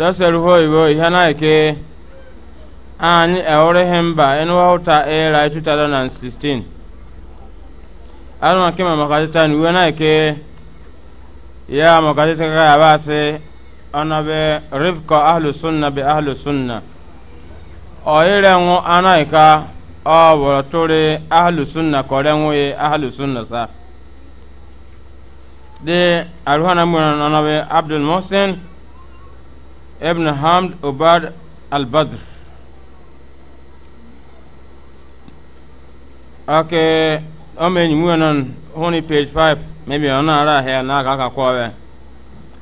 dɔsɛr na ihanaike ani ɛwrehemba ɛni wahuta ɛɛra 2016 alma kima makatitan wanaike ya makatita kaya baase ana be rifka ahlu sunna be ahlu sunna ɔyirengu anaika ɔbɔrɔ tori ahlu sunna kɔrengu ye ahlu sunna sa de aruhana na ana be abdul muhsin ابن حمد عباد البدر okay omen muanon honi page 5 maybe ona ara he na ka ka kwawe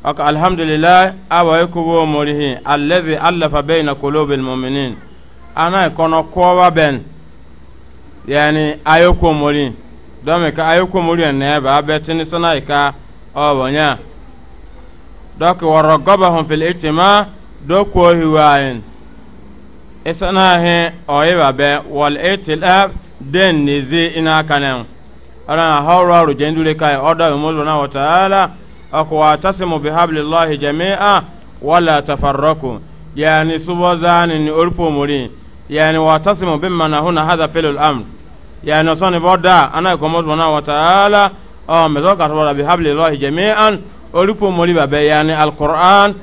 okay alhamdulillah awa ekubo morihi allazi allafa baina qulubil mu'minin ana kono kwawa ben yani ayoko mori dome ka ayoko mori na ba betini sona ka obonya dɔki waragabahum fil ijtima dɔko hiwayen isana he oyiba bɛ wal itilab den nizi ina kanen ana hawra ru jendule kai oda mulu na wataala ako watasimu bihablillahi jami'a wala tafarraku yani subo zani ni urpo muri yani watasimu bimma na huna hadha filul amr yani soni boda ana ko mulu na wataala o mezo ka bihablillahi jami'an olupo mori babe yani alquran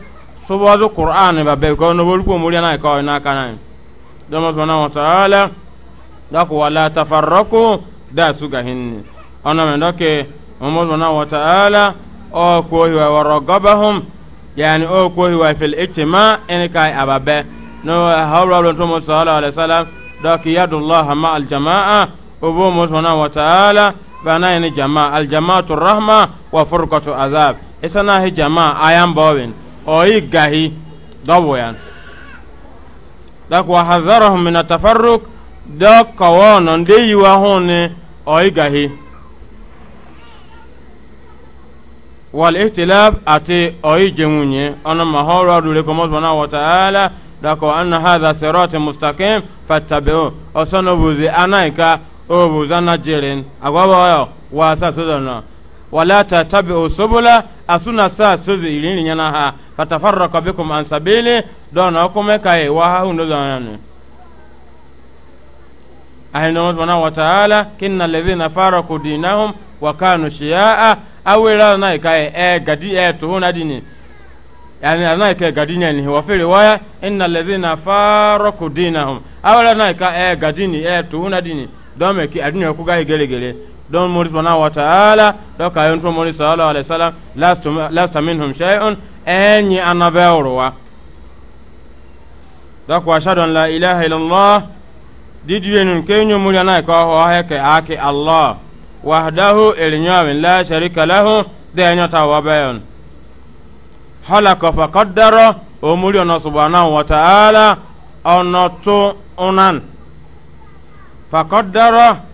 subazu quran babe ko no olupo mori na ko na kana domo subhanahu wa ta'ala dako wala tafarraku da suga hinni ona men doke umma subhanahu wa ta'ala o ko hiwa waragabahum yani o ko hiwa fil ijtima en kai ababe no hawla lo to sallallahu alaihi wasallam doke yadullah ma al jamaa ubu subhanahu wa ta'ala bana ni jamaa al rahma wa furqatu azab na hi jama ayan bawin oyi gahi dawoyan dak wa hazarahum min atafarruq dak kawono nde yiwa hone oyi gahi wal ihtilaf ati oyi jemunye ona mahoro dure ko mosbana wa ta'ala dakwa anna hadha sirati mustaqim fattabi'u osono buzi anaika obuzana jirin agwabo wa sa sodona wala tatabi'u subula asuna sa sozi ilini nyana ha fatafarraqa bikum an sabili dona kuma kai wa ha hundo zananu ahinomo subhanahu wa ta'ala kinna alladhina faraku dinahum wa kanu shiya'a awira na kai e gadi e tuhuna dini yani ana kai gadi ne wa fi riwaya inna ladhina faraku dinahum awira na kai e gadi ni e tuhuna dini dome ki adini ku gai gele gele don muri subhanahu wa ta'ala do ka yon to muri sallallahu alaihi wasallam last last minhum shay'un enyi anabawruwa do ko ashhadu an la ilaha illallah didiyenun kenyo muri anai ko ho heke ake allah wahdahu ilinyamin la sharika lahu de enyo tawabayon halaka fa qaddara o muri ona subhanahu wa ta'ala onotu onan fa qaddara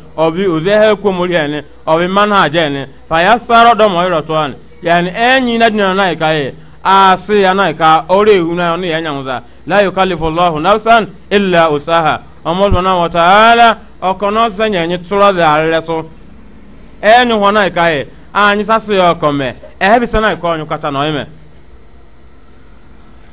obi uzehe kumuri yani obi manhaj yani fa yassara do moyro to an yani enyi na dina na ka ye asi ya na ka ore hu na ni yanya muza la yukallifu allah nafsan illa usaha wa ta'ala okono zanya tura enyi ho na ka ye anyi yo kome ehe bi sana onyu kata no ime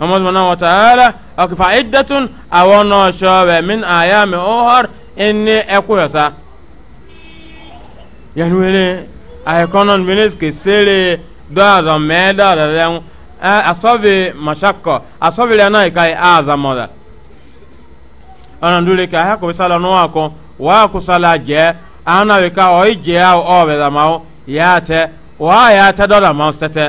ọmọ sọmọ wa taala ọkùnfà iddatun àwọn náà ṣọwẹ min àyà mi ọhọr ẹni ẹkú yọsa. yẹn wele àìkọ́nà mínísìkì sèré dọ́ọ̀dọ̀ mẹ́ẹ́dọ́ọ̀dọ̀ lẹ́hún ẹ asọ́bi mọ̀ṣákọ̀ asọ́bi lẹ́nu àyíká yìí àzàmọ́dà. ọ̀nà dúró kí ahẹ́kọ̀ bí sálọ níwọ̀n kọ́ wàá kó sálọ jẹ́ àwọn àwìká ọ̀ ìjẹ́ ọ̀ bẹ̀rẹ̀ máa yà á tẹ́ wàá yà á tẹ́ dọ́ọ̀dọ̀ máa tẹ́tẹ́.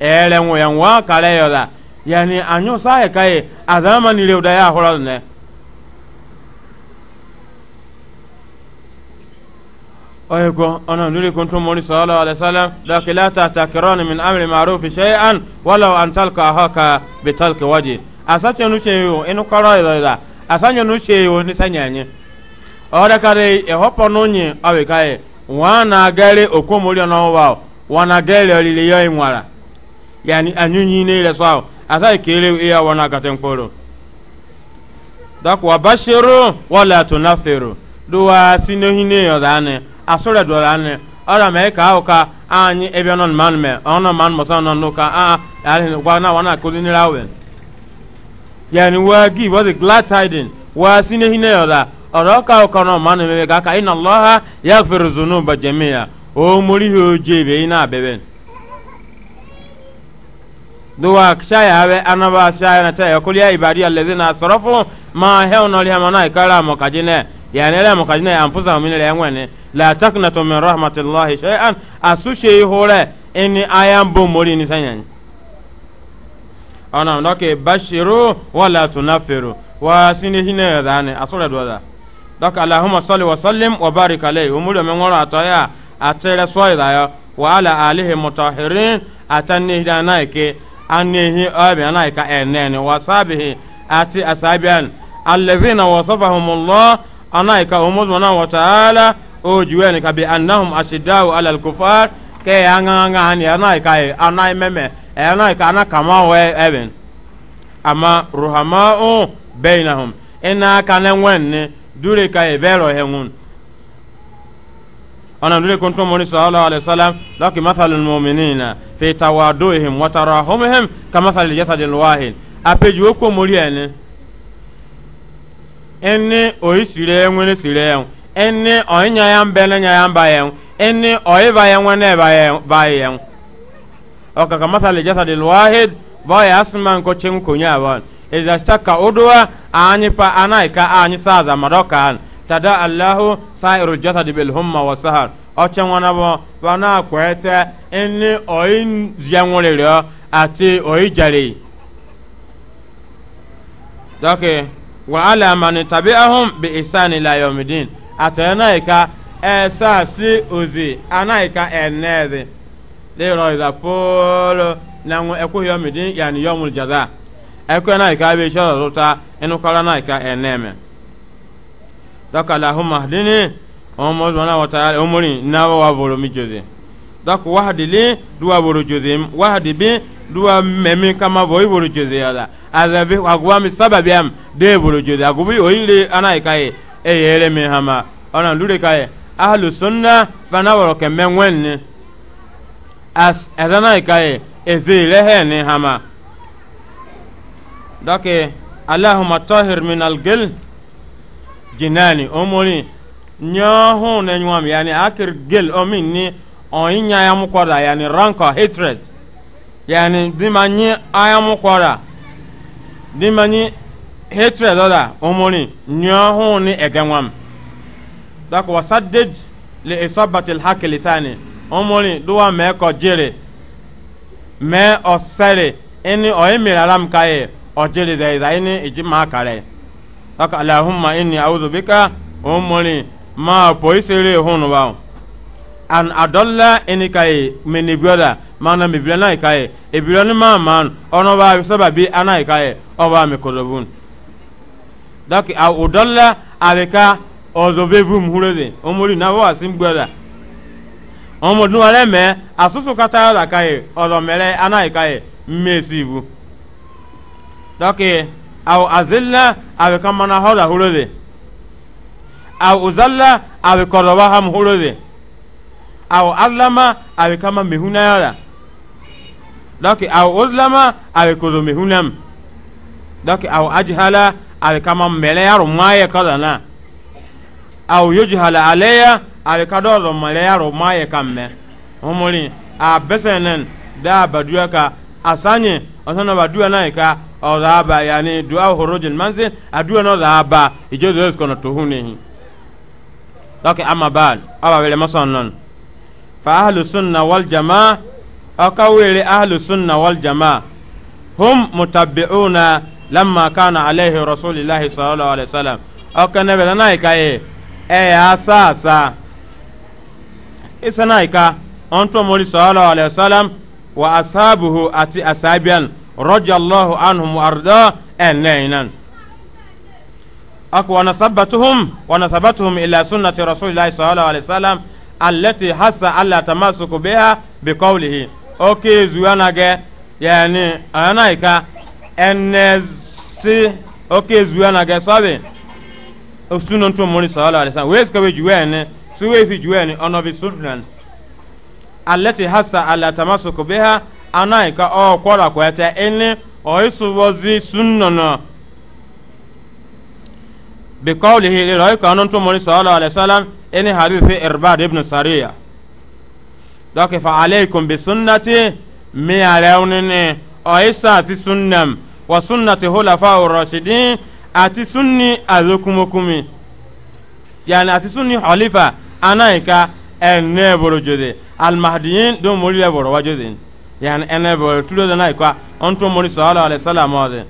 ere nwo ya nwa kare yoda yani anyo sae kai azama ni leuda ya horal ne oyeko ona nuri kuntu muni sallallahu alaihi wasallam lakin la tatakirani min amri ma'ruf shay'an wala an talqa haka bi talqi waji asache nu cheyo inu karo yoda asanyo nu cheyo ni sanyanye ore kare ehopo nunyi awe kai wana gari okomori ona wa wana gari olile yo inwara yani anyunyi ne ile sawa asai e kele iya e wana katen kporo dak wa bashiru wala tunafiru duwa sinohine yodane asore dolane ara me ka o anyi ebe non man me ono man mo sono no ka a ari wa na wana ko ni rawen yani wa gi a glad tidings wa sinohine yoda ọ̀rọ̀ ka ọkọ̀ náà duwa shaya hawe anaba shaya na taya kulia ibadi na asrafu ma hewna liha manai kala mokajine yani la mokajine anfusa min la yangwene la taknatu min rahmatillahi shay'an asushe hore ini ayan bomori ni sanyan ona ndoke bashiru wala tunafiru wa sine hine dane asura doda dok allahumma salli wa sallim wa barik alayhi umulo mengora atoya atere soida yo wa ala alihi mutahirin atanni hidanaike anihi abi anai ka enene wasabihi ati asabian allazina wasafahumullah anai ka umuzmana wa ta'ala ojuweni ka bi annahum ashiddau ala alkufar ke yanganga hani ka anai meme anai ka ana kama we even ama ruhamau bainahum ina kanen na dure ka Ọ na ndụ to kontro mụrụ sọlọ ọla ọla ọsọlam dọka emesọala ọmụminina fita waduuhu muhote aro ahomihu kamesọala ejasa dị nwaahịn. Apeji ụwa oku ọmụrụ ya na. Eni oyi siri enwe na siri ewu. Eni ọ ịnyaghị mbe na ịnyaghị mba ya ewu. Eni ọ ịba ya nwa na ịba ya ewu. Ọ ka kamesọala ejasa dị nwaahịn bọ ya asị mma nke ọ chenwụ ka onye a bọọlụ. Eja asị ka ụdụ a anyị pa anaghịkwa tada allahu sa'iru jasad bil humma wa sahar ọ wọn na bana kwẹtẹ ẹni ọyí ziyanwere rẹ ati ọyí jẹrẹ dọkì mani tàbí ahun bi isani layomidin àtẹ̀yẹ náà ìka ẹ̀sà sí òzì àná ìka ẹ̀nẹ́ẹ̀dì lérò ìdá pọ́ọ́lọ́ na ẹ̀kú yomidin yàní jaza na dɔk alahuma hdini ɔmɔ zɔna wa taala ɔmɔni nawa wa boro mi jose dɔk wahadi li duwa boro jose wahadi bi duwa mɛmi kama bɔ boro jose yala azabi aguba mi sababi am de boro jose agubi oyiri ana yi ka ye e yɛrɛ mi hama ɔna lure ka ye ahlu sunna fana wɔrɔ kɛmɛ ŋwɛn ni as ɛdana yi ka ye eze lɛhɛ ni hama dɔk alahuma tɔhir min algil. jinani omori nyohu na nyuam yani akir gel omin ni oinya ya mukwara yani hatred yani dimanyi aya mukwara hatred oda omori nyohu ni egenwam dako wasaddid li isabati alhaqi lisani omori duwa me jere me osere ini ijima kare aka allahumma inni a'udhu bika ma poisere hunu ba an adolla ini kai mini bioda mana mi kai e ma man ono ba saba bi ana kai o ba mi kolobun a udolla na wa sim bioda ọmọ ọrẹ mẹ mẹrẹ ana kai mmesi ibu dọkì aw azilla aw kamana hoda hulode aw uzalla aw koroba ham hulode aw allama aw kama mihuna yala doki aw uzlama aw kodo mihunam doki aw ajhala aw kama mele yaro maye kadana aw yujhala alayya aw kadodo mele yaro maye kamme umuri a besenen da baduka asanye osana ba dua nai ka ozaba yani dua horojin manzil adua no zaba ijozo es kono tuhune lake amma bal aba wele masannon fa ahlu sunna wal jamaa akawele ahlu sunna wal jamaa hum mutabbi'una lamma kana alayhi rasulillahi sallallahu alaihi wasallam akana bela nai ka e e asasa isana ka onto mori sallallahu alaihi wasallam wa asabuhu ati asabian radiyallahu anhum arda enainan aku wanasabatuhum wanasabatuhum ila sunnati rasulillahi sallallahu alaihi wasallam allati hasa alla tamasuku biha biqawlihi okay zuwanage yani anaika enesi okay zuwanage sabe osunontu muri sallallahu alaihi wasallam wes kawe juwene suwe fi juwene onobi sunan alati hasa ala tamasuku biha anai ka o kwara kwete ini o isubozi sunnono biqawlihi li ra'ayka anan tumuri sallallahu alaihi wasallam ini hadithi irbad ibn sariya dɔk fa alaykum bi sunnati mi alɛwnini o isa ati sunnam wa sunnati hulafa urashidin ati sunni azokumokumi yani ati sunni xolifa anai ka ɛnɛ borojode almahdiyin dum muri le boro wajo den yani ene boro tulo da nai onto muri sallallahu alaihi wasallam ode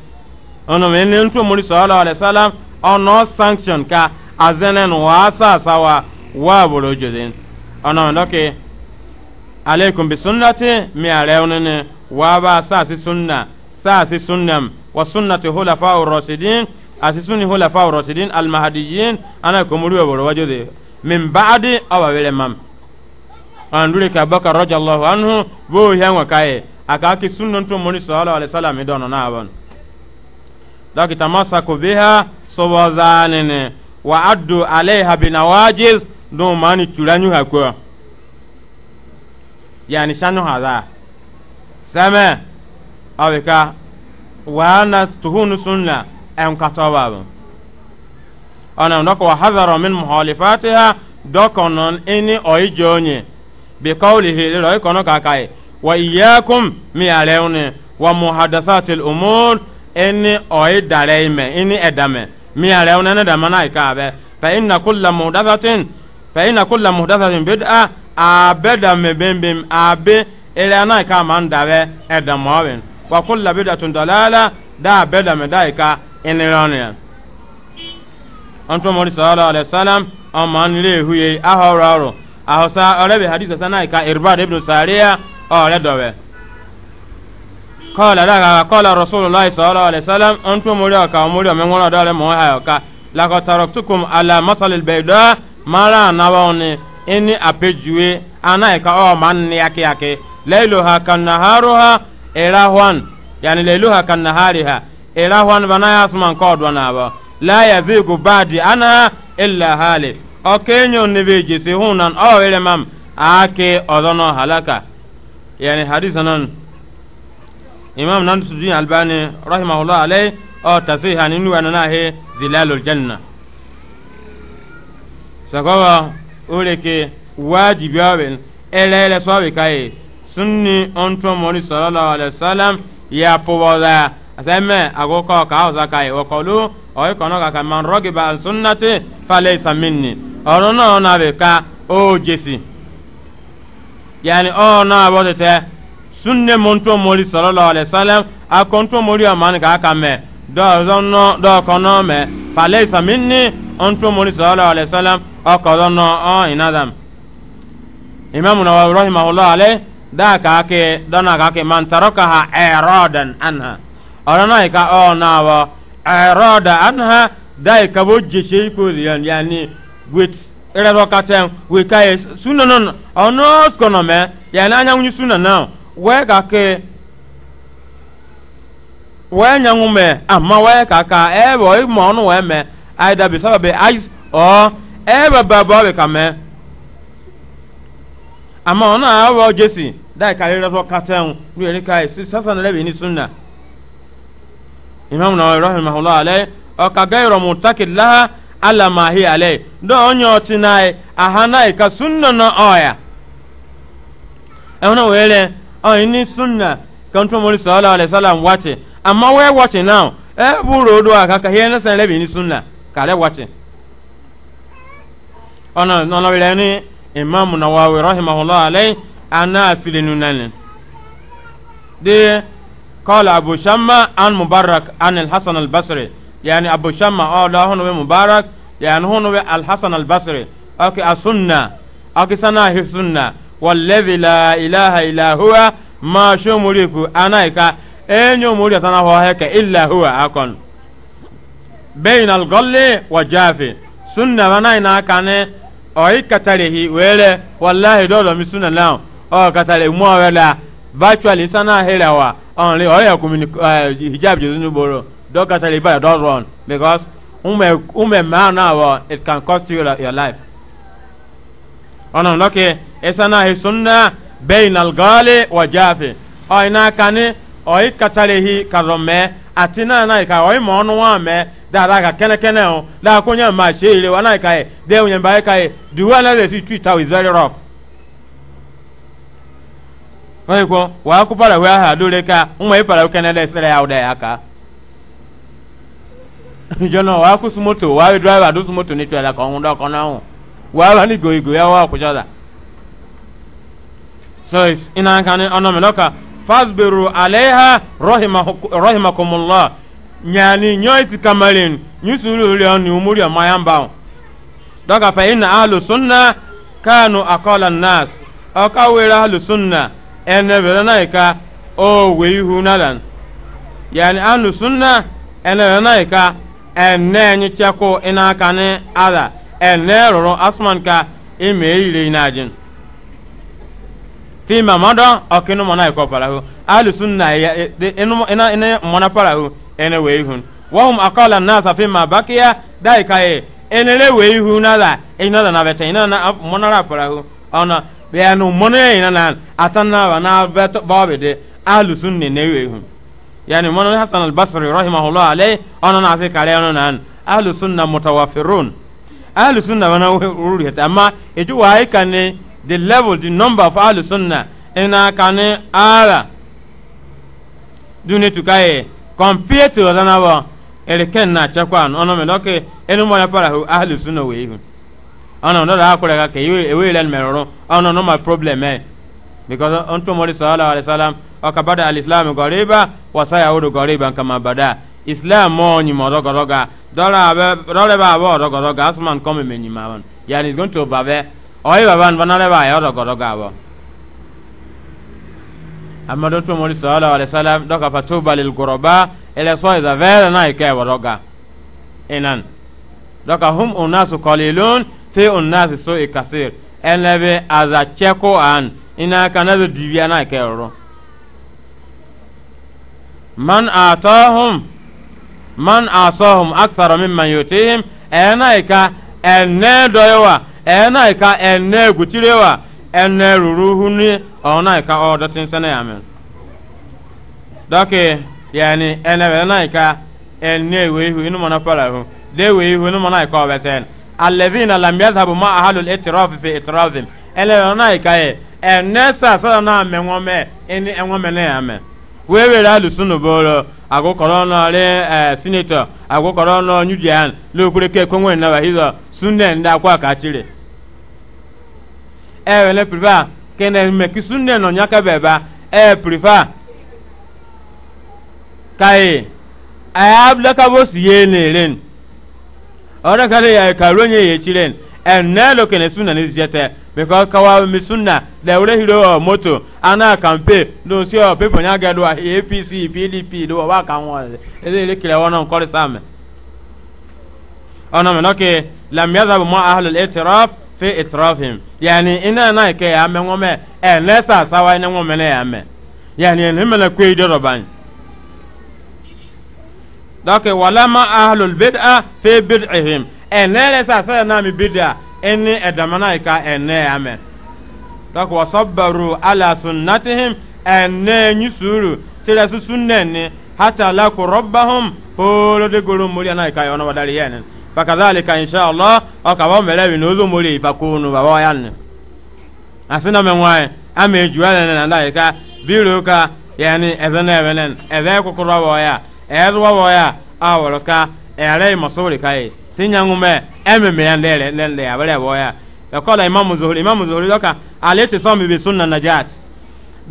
ono men onto muri sallallahu alaihi wasallam ono sanction ka azenen wasa sawa wa boro zin, ono ndoke alaikum bi sunnati mi arewnene wa ba sa si sunna sa si sunnam wa sunnati hulafa'ur rasidin asisuni hulafa'ur rasidin al mahdiyyin ana komuri ya boro wajo de min ba'di awawele mam an dure ka bakar radiyallahu anhu bo yan wa kai aka ki sunnan to muni sallallahu alaihi wasallam don na abon daki tamasaku biha sawazanene wa addu alaiha binawajiz do mani turanyu hakwa yani shanu hadha sama awika wa ana tuhunu sunna en katawabun ana ndako wa hadhara min muhalifatiha dokonon ini oijonye bi qawlihi lero ikono kakai wa iyyakum mi alewne wa muhadathatil umur inni oyi dareime inni edame mi alewne ne damana ikabe fa inna kulla muhdathatin fa inna kulla muhdathatin bid'a abedame bembem abe ele ana ka man dawe edamowen wa kulla bid'atun dalala da abedame daika inironia antumori sallallahu alaihi wasallam amman lehuye ahawraru ahosa olebe hadisa sana ka irbad ibn sariya ole dowe kola daga kola rasulullah sallallahu alaihi wasallam antu muri ka muri me ngona dole mo hayo ka laqad taraktukum ala masal al bayda mara nawoni ini apejue anai ka o manni yake yake lailuha kan naharuha irahwan yani lailuha kan nahariha irahwan bana yasman kodwa nabo la yazigu badi ana illa halik okenyo nibe jisi hunan o ile mam ake odono halaka yani hadisa non imam nan sudin albani rahimahullah alay o tasiha ni nuwa na he zilalul janna sakowa ule ke wajibi awen ele ele sawi kai sunni onto mori sallallahu alaihi wasallam ya poboda aseme agoko ka ozaka e okolu o ikono ka man rogiba sunnati falaysa minni ọrụ na ọ na ka o jesi ọ na abọ tete sunne mun to mori sallallahu alaihi wasallam akon to mori amani ka aka me do zonno do kono me falaysa sọlọ on to mori sallallahu alaihi wasallam akodono o inadam imam nawawi rahimahullah ka ka ya with ịrịọrọ kacha wee ka ya suna nọ ọnụ ọsụkọ nọ mee ya na anyanwụ nye suna na wee ka ke wee nyanwụ me ama wee ka ka ebe ọ ma ọnụ wee mee aida bi sábà bi ice ọ ebe baba ọ ka me ama ọnụ a ọ jesi dai ka ịrịọrọ kacha wee eri ka ya sasa na ebe ni suna imam na ọ rahimahullah alai ọ ka gairo mutakin laha ala ma ale do onye aha n'ai ka sunna no oya ehuna wele o ini sunna kanto mori sallallahu alaihi wasallam wate amma we wate now e buru do aka ka hiena san lebi sunna wate ona wele ni imam nawawi rahimahullah ana de قال أبو شمة عن مبارك عن الحسن البصري yani abu shamma o da hono be mubarak yani hono be al hasan al basri aki asunna aki sana hi sunna wallazi la ilaha illa huwa ma shumuriku anaika enyo muri sana ho heke illa huwa akon bain al ghalli wa jafi sunna wana ina kane o ikatarehi wele wallahi dodo mi sunna lao o katare mo wela virtually sana helewa only o ya kumini hijab jezunu boro a taliba don't run because ume man now uh, it can cost you your life oh, sunna bain al gali wa jafi oh, kani oh, karome atina na me da kene kene o da ma ile wa na e de unye na le si twitter is very rough ka, umwe le ya ya ka. jona wa ku sumoto wa driver do sumoto ni twala ko ndo na nawo wa ba ni goyi goyi wa ku jada so is ina kan ono meloka fasbiru alaiha rahimakumullah nyani nyoiti kamalin nyusulu ri onu umuri amayamba daga fa inna ahlu sunna kanu aqala nas akawira ahlu sunna ene belanaika o weihu nalan yani ahlu sunna ene belanaika ene nyicha ko ina kane ada ene roro asman ka ime ile ina jin fima mado okinu mona iko parahu ahlu sunna inu ina ina mona parahu ene weihun wahum aqala nasa fima bakiya dai kai enele weihu nada inada na beta inana mona ra parahu ona be anu mona ina na atanna wa na beto babede ahlu sunni ne ihu. yani mwana hasan albasri rahimahullah alayhi ona na fi kare ona nan ahlus sunna mutawaffirun ahlus sunna wana ururi hata amma itu wai kan the level the number of ahlus sunna ina kan ala dune tukaye compared to dana ba na chakwan ona me loke enu mo ya para hu ahlus sunna we ihu ona ka ke ewe ewe meroro because unto mori sallallahu alaihi wasallam aka bada alislam gariba wa sayaudu gariban kama bada islam mo ni mo rogo roga dora be dora ba bo rogo roga asman come me ni ma yani is going to babe oyi baban banale ba ya rogo roga bo amma do to mori sallallahu alaihi wasallam doka fatuba lil qurba ele so is a very nice ke roga inan doka hum unasu qalilun fi unnasi su'i kasir enlebe aza an ina aka na dibi ana ke ro man atahum man asahum akthara mimman yutihim ena ika e ene doyewa ena ika e ene gutirewa ene ruru huni ona ika e odotin sene amen doke yani ene ena ika ene wehu inu mana palahu de wehu inu mana ika obeten lam yadhhabu ma ahlul itiraf fi itirafihim ona ika e ene sasa na ame nwome ene enwome na ya me wee were alụsụ n'oboro agụkọrọ n'ọrị ee eh, sinetọ agụkọrọ n'ọnyụ ji ya n'okwureke ekwenwe na wahizọ sunne ndị akwa ka chiri ewele eh, priva kene meki sunne nọ nyaka beba e priva kai ayabla kabo siye ne len ọrẹ kare ya ka ronye ye chilen enne lo kene sunna ni jete because kawa mi sunna da wure hiro moto ana campaign do si o people nya gado APC PDP do wa kan won ele ele kire won on kore same ona me noke lam yadhab ma ahlul itiraf fi itrafihim yani ina na ke ya me ngome enne sa sawa ne ngome ne ya me yani enne me na kwe do ban wala donc walama ahlul bid'a fi bid'ihim enere sa sa na mi bidia eni edamana ka ene ame dak wasabbaru ala sunnatihim enne nyusuru tira su sunnene hata laku rabbahum polo de goro muri na ka yono wadari yene fakadhalika insha Allah akawa melewi nozo muri bakunu baba yanne asina menwae ame juwale na ndaika biruka yani na ebenen eze kokoro wa ya ezwa wa ya ka awolka ere masori kai sinyangume ememe ya ndere ndere abere ya yakola imamu zuhuri imamu zuhuri doka aleti somi bi sunna najat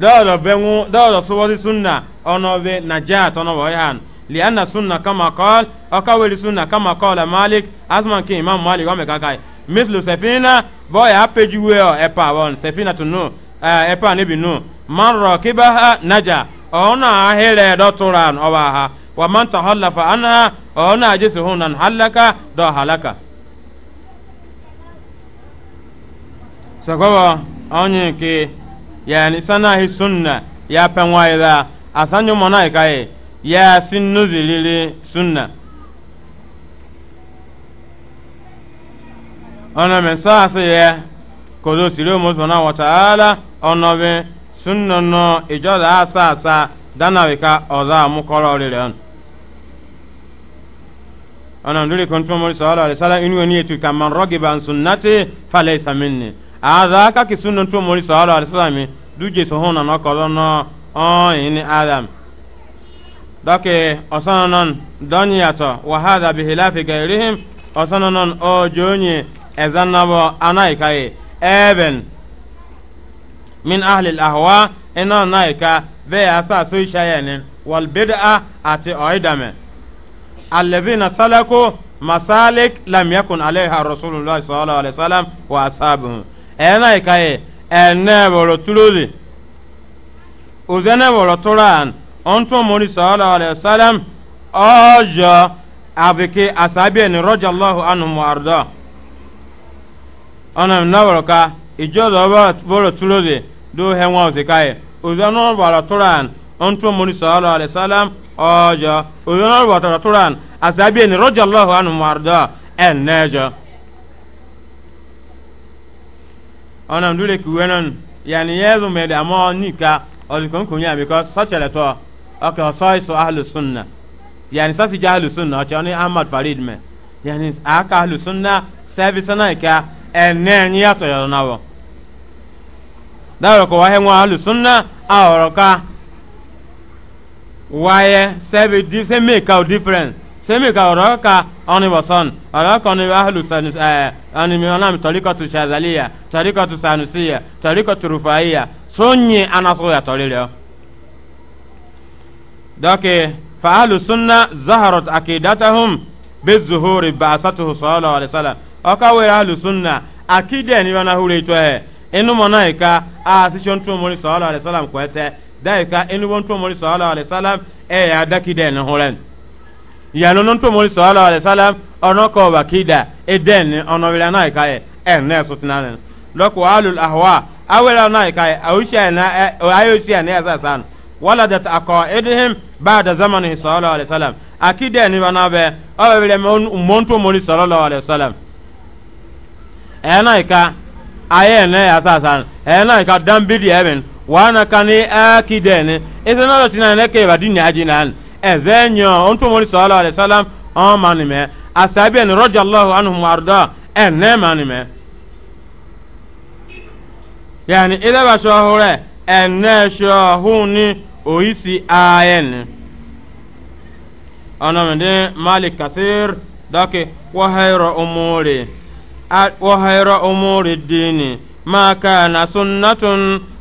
dɔɔdɔ bɛŋu dɔɔdɔ sɔbɔsi sunna ɔnɔ be najat ɔnɔ bɔ yan lianna sunna kama kɔl ɔka weli sunna kama malik imam malik ɔmɛ kaka ye mislu sɛfina bɔya apejuwe ɔ ɛpa wɔn sɛfina tunu ɛɛ ɛpa ne bi nu e, kibaha naja ɔnɔ wa man tahallafa anha ona ajisu hunan halaka do halaka sagoba onye ke yani sana hi sunna ya penwa ila asanyo mona ikaye ya sinnu zilili sunna ona men saasi ye kodo siri omo subhana wa ta'ala ona be sunna no ijo da asa asa dana wika oza mu koro rire on ana ndule kontumori sallallahu alaihi wasallam inu ni etu kaman rogiba an sunnati falaysa minni aza ka ki sunnon tumori sallallahu alaihi wasallam duje so hona no ko no on ini adam dake osanon donyato wa hadha bi hilafi gairihim osanon o jonye ezanabo anaikai eben min ahli al-ahwa ina naika be asa so shayanin wal bid'a ati oidame alladhina salaku masalik lam yakun alaiha rasulullah sallallahu alaihi wasallam wa ashabuhu ena ikaye ene bolo tululi uzene bolo turan onto mori sallallahu alaihi wasallam ojo abike asabi ni radiyallahu anhum wa arda ona nawro ka ijo do bolo tululi do henwa uzikaye uzene bolo turan onto muni sallallahu alaihi wasallam ojo oyonor watara turan asabi ni radiyallahu anhu en nejo onam dule kuwenon yani yezu mede amo nika olikon kunya because such a letter okay so chani ahmad farid me yani aka na ka waye sɛbi di se mi ka o difference se mi ka ɔrɔ ka ɔni wɔsɔn ɔrɔ ka ɔni ahlu sanus ɛɛ eh, ɔni mi ɔna mi tɔrika tu shazaliya tɔrika ya sanusiya tɔrika tu ya. so nye anaso ya tɔri lɛ dɔke fa ahlu sunna zaharot akidatahum bi zuhuri baasatuhu sɔɔlɔ alayisalam ɔka wɛrɛ ahlu sunna akidɛ ni wɔna hure itɔ yɛ inu mɔna yi ka a sisɔn tumuri sɔɔlɔ alayisalam kɔɛ tɛ. daika eni won to mori sallallahu alaihi wasallam e ya daki den ya no to mori sallallahu alaihi wasallam ono ko wakida e den ono wila na ka e enne eh, sutinanen loko alul ahwa awela na ka e awusha na na ya san ba'da sallallahu alaihi wasallam akide ni wana be mon to mori sallallahu alaihi wasallam e eh, na ka aye ne ya san e na ka wana kani akiden ezena lo tina ne ke badi nya ezenyo onto mori sallallahu alaihi wasallam o manime asabi radiyallahu anhum warda en manime yani ila ba so hore en ọhụrụ oisi ayen ana mende malik kathir dake wa umuri wa umuri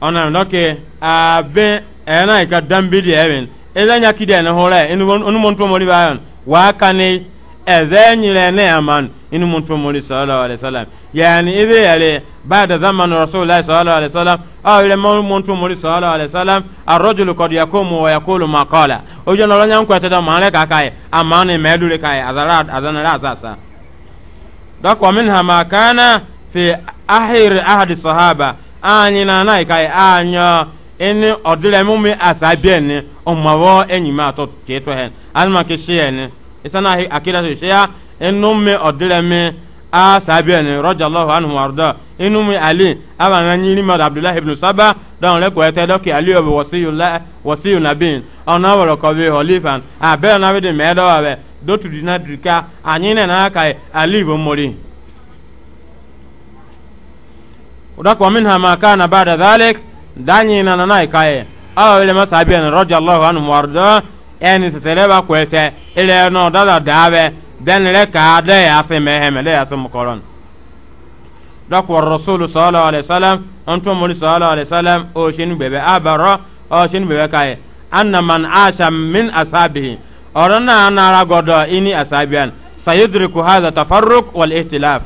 ona ndoke abe ena ika dambidi even eza nyakide ne hore inu muntu mori bayon wa kane ezenyire ne aman inu muntu mori sallallahu alaihi wasallam yani ibe yale ba'da zaman rasulullah sallallahu alaihi wasallam aw ile muntu mori sallallahu alaihi wasallam ar-rajulu qad yaqumu wa yaqulu ma qala ojo no nya nko tada male kakaye amane medure kaye azara azana ra sasa dako minha ma kana fi ahir ahadi sahaba anyị na anaghị ka anyọ ịnị ọdịla emume asabịa ni ọmụmawọ enyi m atọ cheetọ ha anụma ke shia ni isana akida so shia ịnụ mme ọdịla mme asabịa ni rọja allahu anhu warda ịnụ mme ali aba na nyiri mmadụ abdullahi ibn saba dọnụ lekwa ete dọki ali obi wasiyu nabin ọ na wọrọ kọbi holifan abịa na bidi mmeedowabe dotu dị na dirika anyị na-anaghị ka ali bụ mmori ودك ومنها ما كان بعد ذلك داني ناناي كاي او لما سابين رضي الله عنه وارضاه ان تتلبا كويته الى نو دادا دابه دن لك عدا يا في مهم لا يا ثم قرن دك والرسول صلى الله عليه وسلم انتم مولى صلى الله عليه وسلم او شين بيبي ابرا او شين بيبي كاي ان من عاش من اصحابه أرنا أنا رغدا إني أصحابيان سيدرك هذا التفرق والاختلاف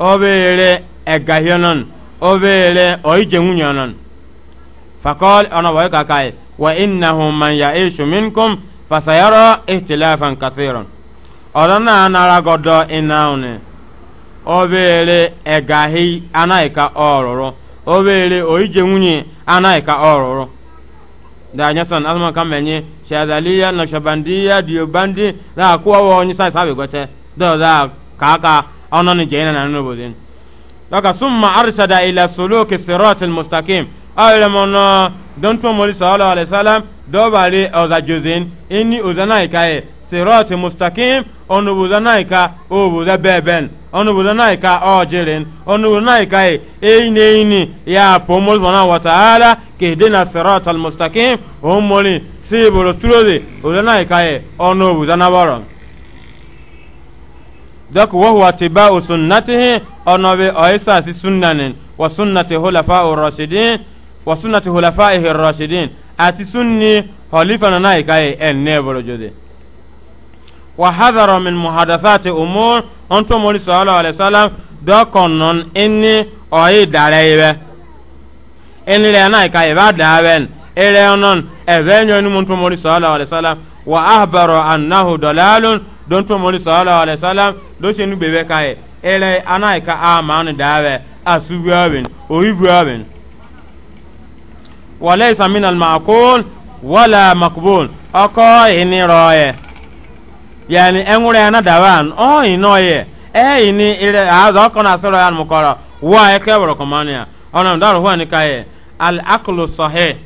أبيري egahionon obele oije nwunyonon fakol ona boy kakai wa innahu man ya'ishu minkum fasayara ihtilafan kathiran orana anara godo inaune obele egahi anaika ororo obele oije nwunye anaghị anaika ororo da nyasan azman kamenye shadaliya na shabandiya diobandi da kuwa wa onyi sai sabe gote do da kaka ononi jeena na nobodin toka summa arshada ila suluki siratil mustaqim awele mono don to mori sallallahu alaihi wasallam do bari oza jozin inni uzana ikaye siratil mustaqim onu buzana ika o buza beben onu buzana ika o jirin onu buzana ika e, eyni eyni ya po mori subhanahu wa ta'ala kihdina siratal mustaqim o mori siburo turozi uzana ikaye onu buzana baron dɔk wahuwa tibau sunnatihi ɔnɔbi ɔyisaasi sunnanin wa sunnati hulafa urashidin wa sunnati hulafa ihi urashidin ati sunni holifa nana ikaye ɛn nebolo jode wa hadaro min muhadasati umur ɔntu mori sɔɔlɔ alayisalam dɔkɔnɔn inni ɔyi darayibɛ inni lɛna ikaye ba daabɛn ilɛnɔn ɛbɛ nyɔni mun tu mori sɔɔlɔ alayisalam wa ahbaro annahu dalalun don to mori sallallahu alaihi wasallam do shenu bebe kai ele anai ka aman dawe asuwawen oibuwawen walaysa min al-ma'qul wala maqbul oko ini roye yani enwure ana dawan o inoye e ini ile azo kona soro yan mukoro wa eke woro komania ona ndaro al-aqlu sahih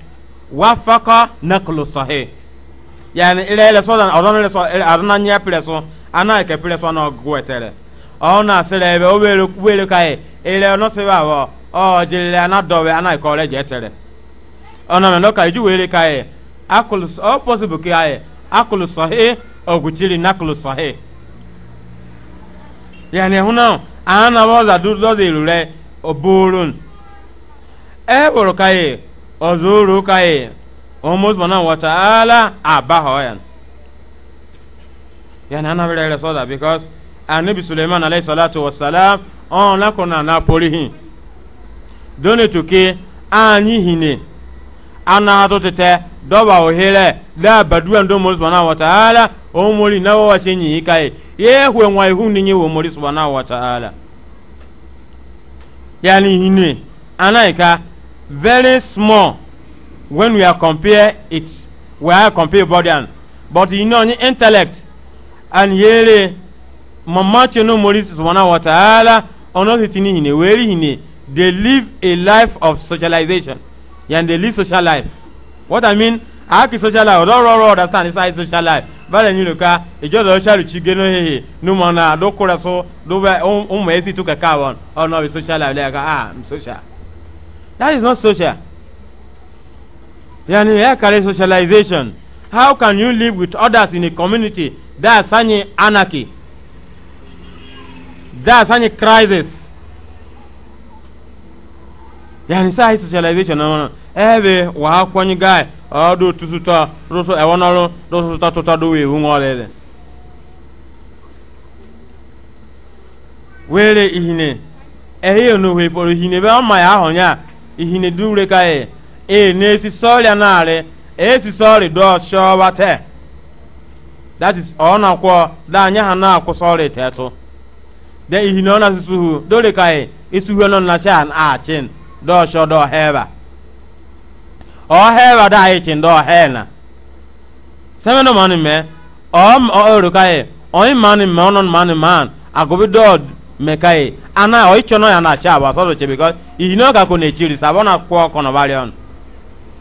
wafaqa naqlu sahih yani ile ile so dan ọdọ ile so adana nya pire so ana ke so na ogu etere sele ebe o wele wele kai ile no se o jile ana dowe ana ko le etere ona me no kai ju wele kai akul o possible ki ai akul sahi nakul sahi yani huna ana du do de e woro kai ozuru kai omo subhanahu wa ta'ala abahoyan yani ana bere re so da because anabi suleiman alayhi salatu wassalam on la kona na na done to ke na hine ana atotete dọba ohere da badua ndo mo subhanahu wa ta'ala o mori na wa chenyi kai e. ye ihu very small when we are compare it we are compare body and but you know intellect and yere mama chenu morisi subhanahu wa ta'ala ono sitini hine weri hine they live a life of socialization and they live social life what i mean aki social life ro ro ro, understand inside social life bala ni loka ijodo e sharu chigeno hehe numa na dokura so do dobe umu esi tuka kawon ono oh, be social life like ah i'm social that is not social yani ya kare socialization how can you live with others in a community that's any anarchy that's any crisis yani saa hii socialization naona ebe wa kwanyi guy odo tusuta roso ewonalo roso tuta tuta do we ngolele were ihine ehiyo no we poro ihine be ma ya honya ihine dure kae e na-esi esi sọrị dọọ shọwa tee that is ọ na-akwọ da anya ha na-akwụ sọrị tetụ de ihi na ọ na dole ka nọ na achin dọọ dọọ heba ọ heba da anyị chin dọọ hena sẹ́mi ní mọ́ni mẹ́ ọ ọ̀rọ̀ ka ị ọ̀yin mọ́ni mẹ́ ọ̀nọ́ man dọọ ana ọ̀yị na ya na achị abụọ sọdọ ka ihi ọ ga na na-akwọ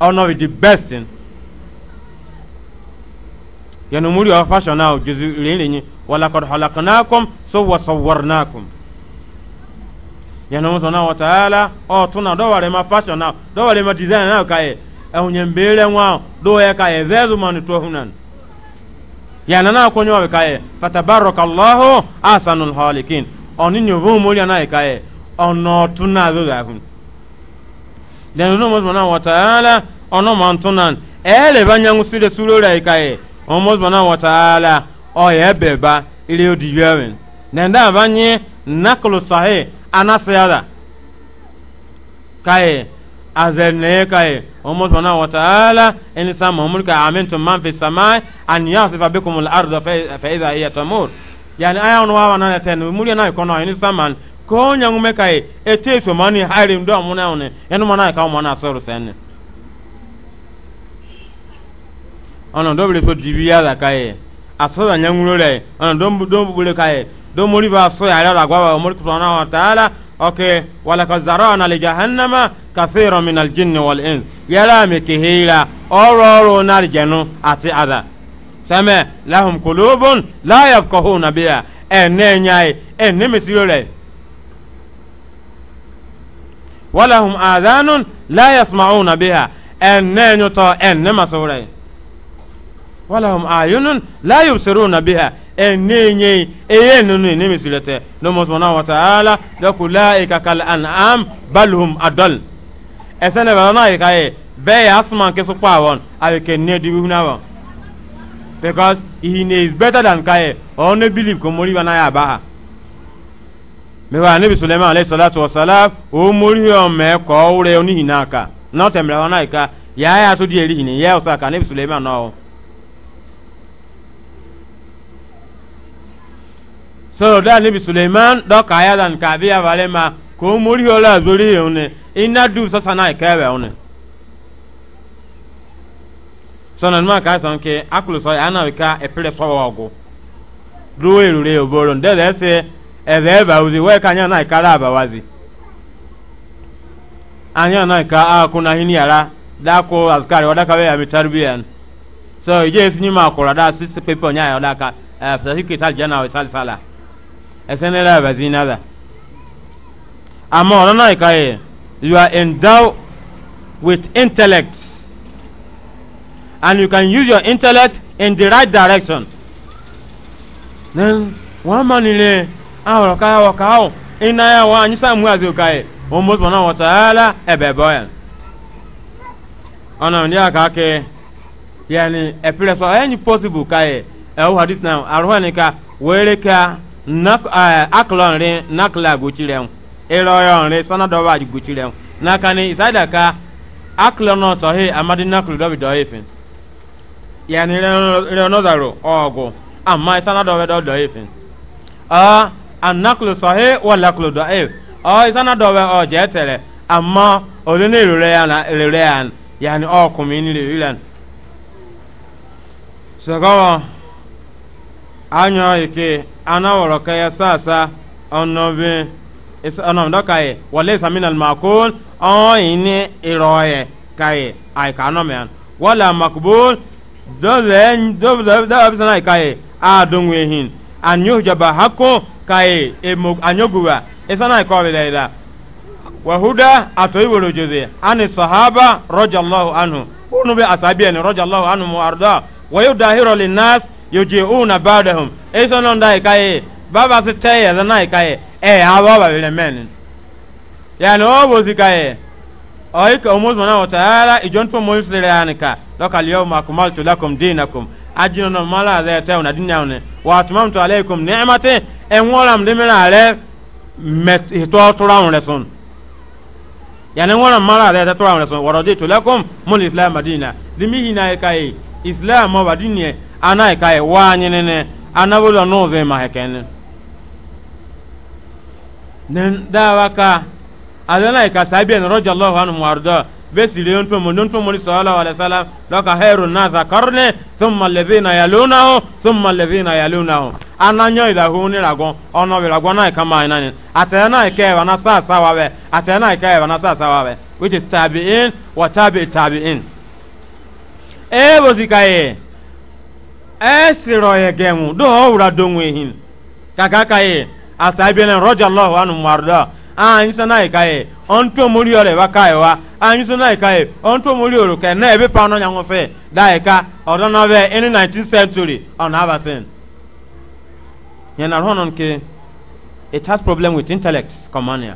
ono with the best thing yanu muri wa fashion now juzu lenyi wala qad halaqnakum sawwa sawwarnakum yanu musona wa taala o tuna do wale ma fashion now do wale ma design now kae ehunye mbele nwa do ya kae zezu man to hunan yana na konyo wa kae fatabarakallahu ahsanul halikin oninyo vu muri na kae ono tuna zo da hun dɛn no mo subhanahu wa ta'ala ɔno man tunan ɛɛlɛ ba nyangu sire suro rɛ ikaye ɔno mo subhanahu wa ta'ala ɔyɛ bɛ ba ire o di yɛwɛn dɛn da ba nye nakulu sahi ana sayada kaye azɛnɛɛ kaye ɔno mo subhanahu wa ta'ala ɛni sa mahmud ka amin tun man fi sama an yasifa bikum al arda fa iza hiya tamur yani aya ɔno wa wa na tɛn muri na ikɔnɔ ɛni sa man ko nyangume kai ete so mani hari ndo amuna one enu mana ka mo na soro sen ono do bile so dibiya da kai asoda nyanguro le ono do do mori ba so ya la gwa ba mori subhanahu wa ta'ala okay wala ka na li jahannama kathira min al jinn wal ins yala me kihila oro oro nar jenu ati ada same lahum walahum adhanun la yasma'una biha enne nyuto enne masore walahum ayunun la yubsiruna biha enne nye eye nunu ne misilete no mo subhanahu wa ta'ala lakulaika kal an'am balhum adall esene bala na ikaye be asman ke sokwa won awike ne won because he is better than kai or no believe bana ya mewa nebi suleiman alayhi salatu wasalam o mori o me ko ure oni hinaka na temre wana ika ya ya to die rihini ya osaka nebi suleiman no so da nebi suleiman do ka ya dan ka biya vale ma la zori yone ina du so sana one so na ma ka san ke akulu so ya na ka epire so wa ogu duwe rure oboro ebe ebe uzi wee ka anya na ikara abawazi anya na ka aku na hini yara da ko azkari wada ka ya mitarbiyan so ije sinyi ma akora da sisi pepe onya ya wada ka eh fasiki kital jana wa sal sala esene la bazina da amma ona na ka ye you are endowed with intellect and you can use your intellect in the right direction then one man in ahụrụ ka ya wọ ka ahụ ịna ya wọ anyị saa mgbe azụ ka ya ụmụ ụzọ na wọtara ebe ebe ya ọnụ ndị aka ke ya ni epere sọ enyi posibu ka ya ewu hadis na arụhụ ni ka were ka e, akụlọ nri nakụla gbochiri ya ịrọ ya nri sọna dọba gbochiri ya n'aka ni isaida ka akụlọ nọ sọhị amadi nakụlụ dọbi dọhị fin ya ni ịrọ nọzarụ ọgụ amma ịsọna dọba dọhị fin ọ annakulu sɔhe walakulu dɔ'if ɔ isana dɔbɛ ɔ jɛ tɛrɛ amma olu ne ya na lure ya yani ɔ kumi ni ike ana wɔrɔ kɛyɛ saasa ɔnɔ bi ɔnɔ dɔ ka ye wale ni ka ye ka wala makbul a anyuhjaba hako kai emo anyoguwa isana ko bilaila wa huda atoyibolo jode ani sahaba radiyallahu anhu kunu be asabiyani radiyallahu anhu mu arda wa yudahiru linnas yujiuna ba'dahum isana ndai kai baba se teye zana kai e hawa ba bile men yani o bozi kai oika umuzmana wa ta'ala ijontu moyusire yani ka lokal yawma akmaltu lakum dinakum ajinu no mala ze te una dinya ne wa atmamtu alaykum ni'mati en wolam de mena ale met to to ra on son yani wolam mala ze te to ra on son wa raditu lakum mul islam madina dimi hina kai islam ana kai wa ana bolo no ze ma hekene nen adana ka vesili yon tumo non tumo ni sallallahu alaihi wasallam doka khairu nas qarni thumma alladhina yalunahu thumma alladhina yalunahu ananyo ila hu ni rago ono bi rago na kama ina ni atena ikewa na sasa wawe atena ikewa which is tabi'in wa tabi' tabi'in e bozikaye e siro yegemu do hawra donwe hin kakakaye asabina radiyallahu anhu marda anyịsa na ịka ye ọntụ omori ọrịa ịba ka ịwa anyịsa na ịka ye ọntụ omori ọrịa ka na ebe pa ọnọnya nwụsị da ịka ọdọ nọbe ịnị 19th century ọ na-abasị ya na rụọ nke it has problem with intellect commonia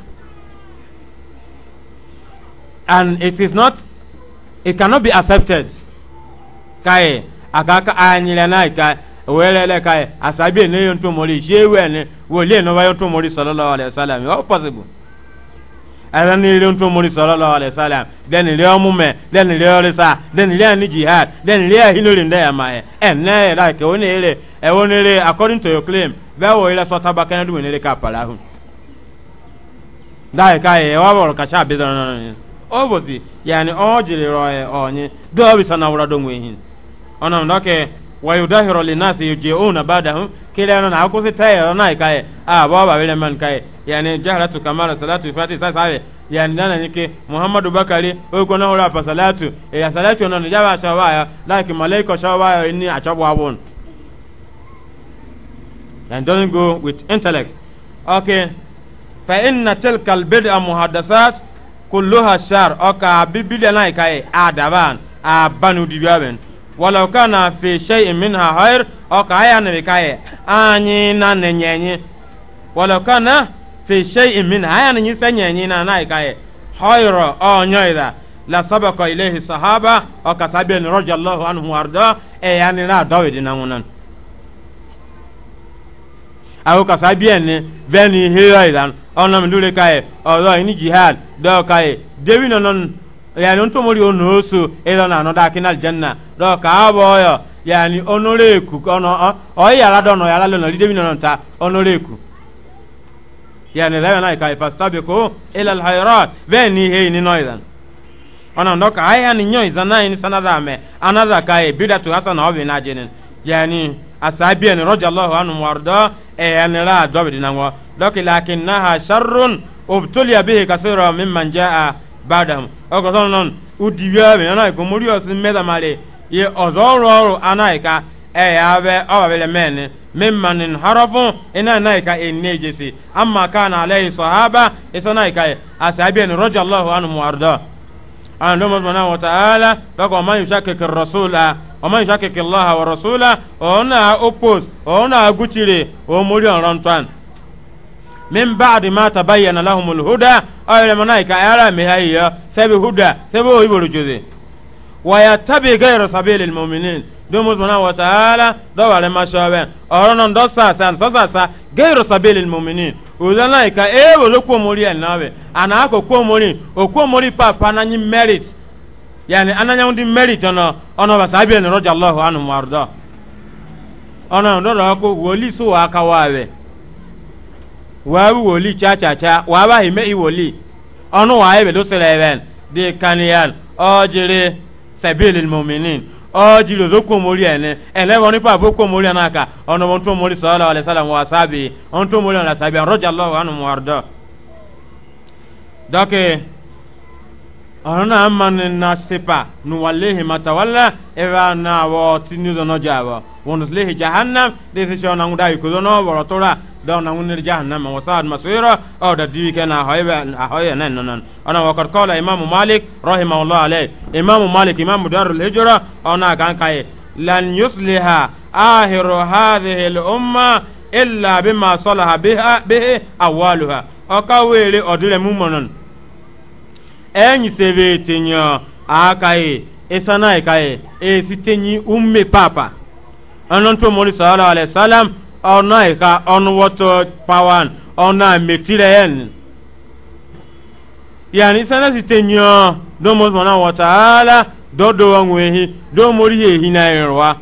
and it is not it cannot be accepted ka ị aka aka anyịla na ịka welele kai asabi ne yon to mori she wene wole no wayo to mori sallallahu alaihi wasallam o possible ala ni yon to mori sallallahu alaihi wasallam den le omume den le orisa den le ani jihad den le hinori nda ya mae na like onere e onere according to your claim be wo ile so tabaka na du ne ka pala hu dai kai e wa wor ka bi o bozi yani jiri onye do bi sana wura do wayudahiro linasi yujiuna badahum kila yana akusi tayo na ikaye ah baba vile man kaye yani jahratu kamala salatu ifati sasa ave yani nana nike muhammadu bakari uko na ula pa salatu e ya salatu na njaba shawaya laki malaika shawaya inni achabu abun and don't go with intellect okay fa inna tilka albid'a muhaddasat kulluha shar oka bibili na ikaye adaban abanu dibaben walau kana fi shay'in minha khair o ka aya ne kaye anyi na ne nyenyi walau kana fi shay'in minha aya ne nyenyi na na kaye khairu o nyoida la sabaqa ilayhi sahaba o ka sabe ni radiyallahu anhu arda e yani na dawidi na ngunan awo ka sabe ni veni hiyo idan ona mdule kaye o do ni jihad do kaye dewi nonon yani on tomori ono oso elo na anoda akina aljanna do ka aboyo yani onore ono o yara do no yara lo no no nta yani la ila alhayrat he ni noidan ona ndo ka aya ni nyoi zana ni sana da me anaza ka e bidatu hasana obi na jinin yani asabi en anhu warda e yani ra do sharrun ubtuliya bihi kasira mimman jaa badam ọkọtọ nọn udiwiabe ọnà ìkòmórí ọsìn mẹsàmàlẹ ihe ọzọ ọrụ ọrụ anáìka ẹyà abẹ ọbàbẹlẹ mẹni mímanin harọfún iná anáìka ẹni ẹjẹsì ama kánà alẹyìn sọhábà ẹsọ anáìka yẹ àsàbíyẹn rọjò allahu anu muardọ. أن الله سبحانه وتعالى فقال ومن Allah min ba'di ma tabayyana lahumul huda ayre manaika ayara mi hayya sabi huda sabi o iboro jode wa yattabi ghayra sabilil mu'minin do muzmana wa ta'ala do wale mashabe oronon do sa san so sa sa ghayra sabilil mu'minin uzanaika e wo ko mori ana ko mori o mori na nyi merit yani ananya merit ono ono ba sabi en anhu ko woli so akawawe waawi woli chachacha waaba hime i woli ɔnu waa ebe do sirɛbɛn de kaniyan ɔɔjiri sabili muminin ɔɔjiri ozo komori ɛni ɛlɛ wɔni pa komori ɛna ka ɔnu wɔn tó mori sɔɔla wale sálàm wa sábì ɔnu tó mori wa nu mu ɔrɔdɔ dɔkè ọ̀nà amani na sepa nuwalehi matawala ebe na awọ tinuzo no jabo wonuslehi jahannam desi sho na nguda ikuzo no borotora do na ngunir jahannam wa saad masira o da diwi kana hoybe ahoye nan nan ona wa kar qala imam malik rahimahullah alayh imam malik imam darul hijra ona kan kai lan yusliha ahiru hadhihi al umma illa bima salaha bihi awaluha o ka wele odire mumonon enyi sebe tinyo akai isana e kai esi tinyi umme papa anon to mori sallallahu alaihi wasallam ona ka on woto pawan ona metire yen yani sana sitinyo do mo mona wa taala do do ehi do mori ehi na irwa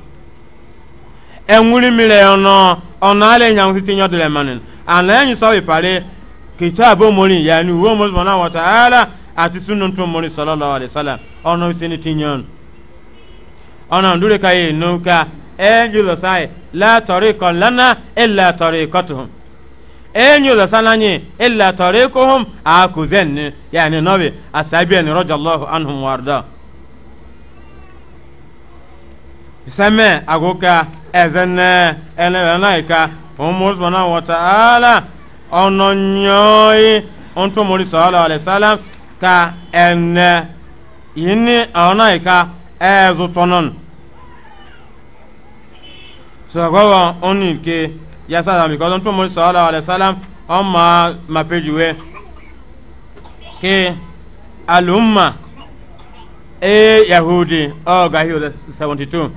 enwuri mire ono ona ale nyam sitinyo dole manin ana enyi sawi pare kitabu mori yani wo mo mona wa taala ati sunun tun mori sallallahu alaihi wasallam ono sini tinyon ono ndure ka ye nuka enyulo sai la tariqa lana illa tariqatuhum enyulo sanani illa tariquhum akuzen yani nabi asabi radiyallahu anhum warda sɛmɛ agoka ɛzɛnɛ ɛnɛbɛnaika ka ene yini ona ka ezu tonon so gowa oni ke ya sada mo kodon tumo sallallahu alaihi wasallam amma mapejuwe ke alumma e yahudi o ga seventy two.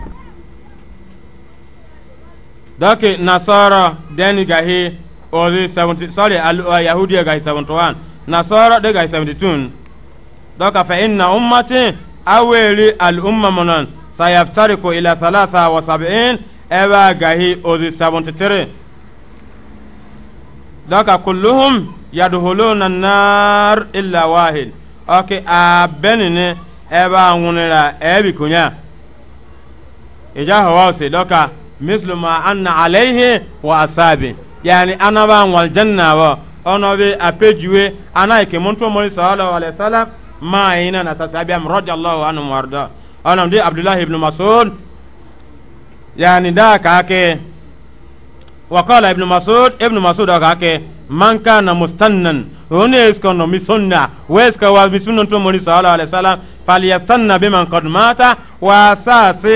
doke nasara deni gahi ozi seventy. sorry al yahudi seventy one nasara daga 72 doka fa inna ummati aweli al umma munan sayaftariku ila thalatha wa sab'in ewa gahi ozi 73 doka kulluhum yadkhuluna an-nar illa wahid oke abenine ewa angunira ebi kunya ija hawasi doka mislu ma anna alayhi wa asabi yani anaba wal janna wa ono be apejuwe ana ke monto mori sallallahu alaihi wasallam ma ina na tasabi am radiyallahu anhu warda ana ndi abdullah ibn mas'ud yani da ka ke wa qala ibn mas'ud ibn mas'ud ka ke man kana mustannan woni esko no mi sunna weska wa mi sunna to mori sallallahu alaihi wasallam falyastanna biman qad mata wa asasi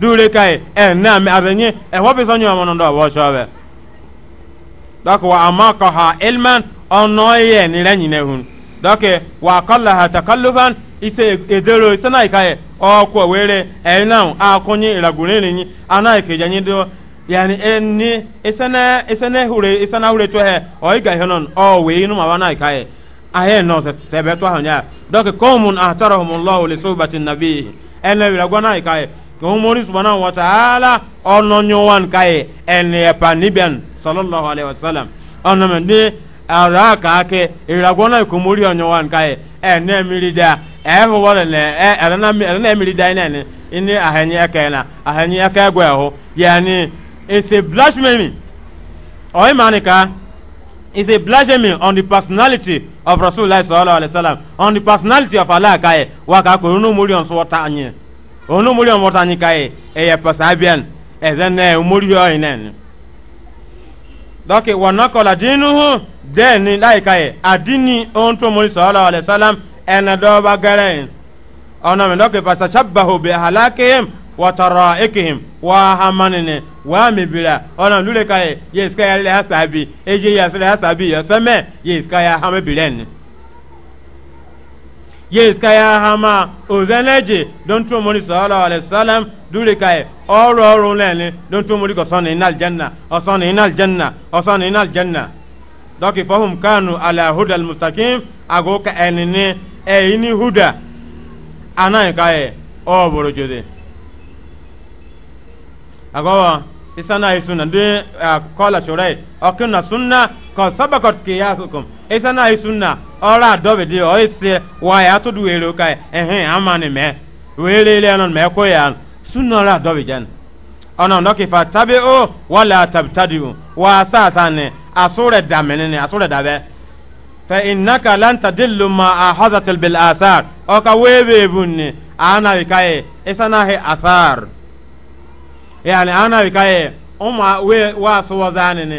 dure kai en na mi abenye e, e wa biso nyo mono ndo wo shobe dako wa amaka ha ilman ono ye ni la nyine hun dake wa qalla ha takallufan ise edero ise na kai o ko were e na akunyi iragunere ni ana ke janyi do yani e, na isene isene hure isana hure to he o iga henon o we inu ma wana kai ahe no se tebe to hanya dake qawmun ahtarahumullahu li suhbatin nabiyhi ene wiragona kai ngomori subhanahu wa ta'ala ono nyowan kai en panibian sallallahu alaihi wasallam ono mende ara ka ake iragona ikomori onyowan kai kaye emiri da ehu wale ne erana erana emiri ne ini aka na ahanyi aka yani it's a blasphemy oy manika is a blasphemy on the personality of rasulullah sallallahu alaihi wasallam on the personality of allah wa ka ko no muri on so ta anye onu muri omoto e, e e anyị ka eye pasabian ezene umuri oinen doki wanakola dinuhu deni laika ye adini onto muri sallallahu alaihi wasallam ene doba garen ona me doki fasashabahu bi halakihim wa taraikihim wa hamanine wa mibira ona lule ka ye yeska ya le hasabi eje ya sele hasabi ya seme yeska ya hame bileni yes kaya hama ozeneje don to mori sallallahu alaihi wasallam dure kai oro oro lele don to mori ko sonu inal janna o sonu inal janna o sonu inal janna doki fahum kanu ala hudal mustaqim ago ka enene e ini huda ana kai o boro jode ago isana isuna de uh, kola churai okunna sunna ko sabakat qiyasukum isa na isunna ọla dọbidi ọ isi waya atụdu were ka ehe amani me wee lele anọ me ko ya sunna ọla dọbijan ọnà fa tabi o wàlà tabitadi o wa asa asa wà sàtàni asúrẹ̀ dàmínì ni asúrẹ̀ dàbẹ́ fẹ ka lanta dìlù ma a hostel bil asar ọkà wéèbè bùn ni àánà wìkàyè isanahi asar ụmụ wee wìkàyè ọmọ wàásù wọ́zánì ni.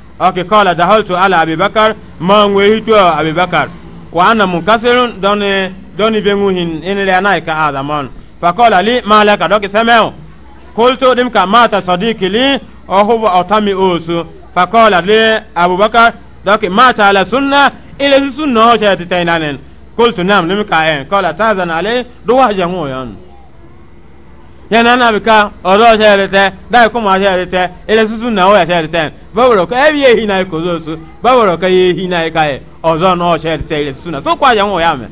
أوكي قال دخلت على أبي بكر ما نويت أبي بكر وأنا منكسر دوني دوني بنوهن إن لأنا كهذا من فقال لي ما لك دوك سمعوا قلت دمك مات صديقي لي وهو أطمي أوسو فقال لي أبو بكر دوك مات على سنة إلى سنة شهدتين قلت نعم لمك قال تازن عليه دواجه هو يعني yana na bika ọdọ ọsẹ ẹrẹtẹ dáì kọmọ ọsẹ ẹrẹtẹ ilẹ tutu na ọwọ ẹsẹ ẹrẹtẹ báwòrò kọ ẹbi ehi náà kò zó so báwòrò kọ yẹ ehi náà ká yẹ náà ọsẹ ẹrẹtẹ ilẹ tutu na tó kọ àyà wọn yà mẹ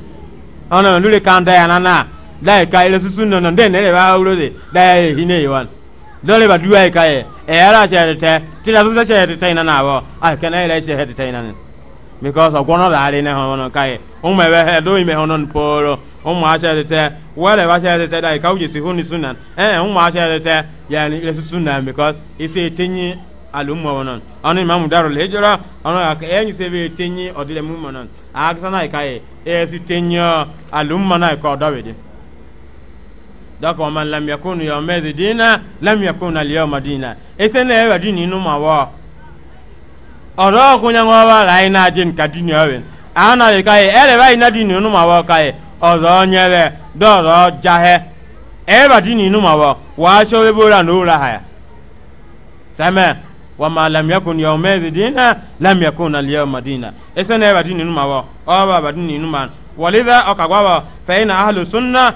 ọnà lórí kan dáyà nánà dáì ká ilẹ tutu nà nà ndéyìn bá wúlò dé dáyà ehi náà wọn lórí bá dúwà yẹ ká yẹ ẹyàrá ọsẹ ẹrẹtẹ tíra tó ilẹ ẹsẹ ẹrẹtẹ yìí nánà because ọgbọnọ làárín náà wọn ká yẹ ọmọ ụmụ acha tete wele acha tete da ka si huni sunan eh ụmụ acha ya yani ile sunan because isi etinyi alumma wonon darul hijra enyi se odile ka e esi tenyo alumma na ka odawede dɔkɔ ɔman lam yakunu diina lam yakunu aliyɔma diina ese ne di ninu ma wɔ ɔdɔ wa la na ka di ni ɔwɛ ana de ka ye ɛrɛ ba yi na di ninu ma wɔ ka ọzọ nyere dọrọ jahe eba dị ninu ma wọ wàá sọrọ bóra ní ụra ha sẹmẹ wàmà lamiyakun yọ mẹsì dínà lamiyakun na liyọ madina ẹsẹ náà ninu ma wọ ọba eba ninu ma wàlídà fẹyìn sunna